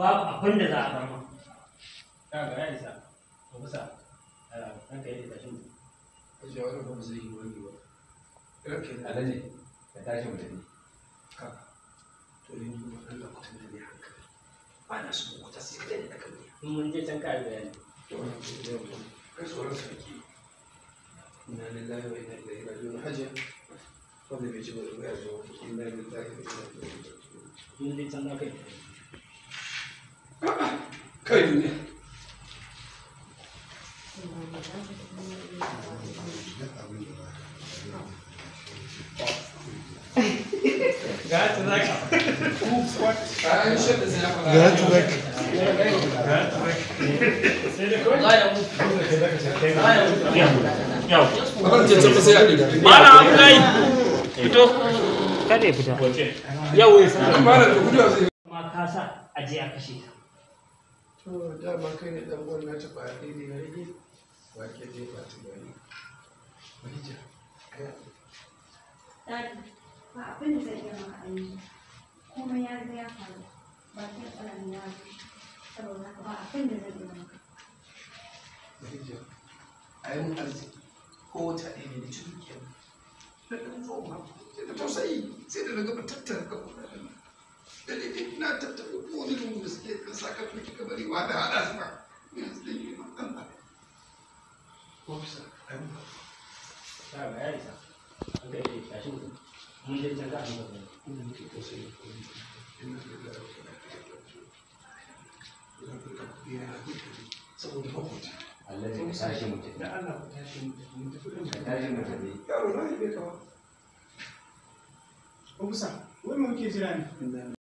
babu abin da za a bar ma ka ga ya sa. ko kusa kan kai da shi ka ji wani ba zai yi wani ba ɗauke alaji ka tashi mu ni. ka to ni ba Allah ku tafi da hankali ba na so ku ta sai da ni akan ni mun je can kai bayani to wannan da yau kai tsoron sarki ne. Ina inna lillahi wa inna ilaihi raji'un hajja wanda bai ci ba da ya zo inna lillahi wa inna ilaihi raji'un mun je can kai Kau itu ni. Gaat weg. Gaat weg. Gaat weg. Yau. Akan ce ce sai Ali. Mala Abdullahi. Fito. Kare fita. Yau. Mala to gudu sai. Ma kasa aje a kashe ta. to dama kai ne dan gwamna ta ba ne na rage ba ke dai ba ta gani Marija kai Dadi ba abin da zai iya maka aiki kuma ya ga ya faru ba ta tsaron ya saboda haka ba abin da zai iya maka Marija a yi mun arziki ko wata ɗaya ne da cikin kiyar na ɗan zuwa ma sai da tausayi sai da na gaba tattara kaɓo na ɗan da ne ina tattara ko wani da suke kan sa kafin ولماذا هذا أسمع يسلم ما الذي تهاجم التلميذ لأنه تهاجم التلميذ تهاجم التلميذ يا الله يبيك هو وين ممكن جيراني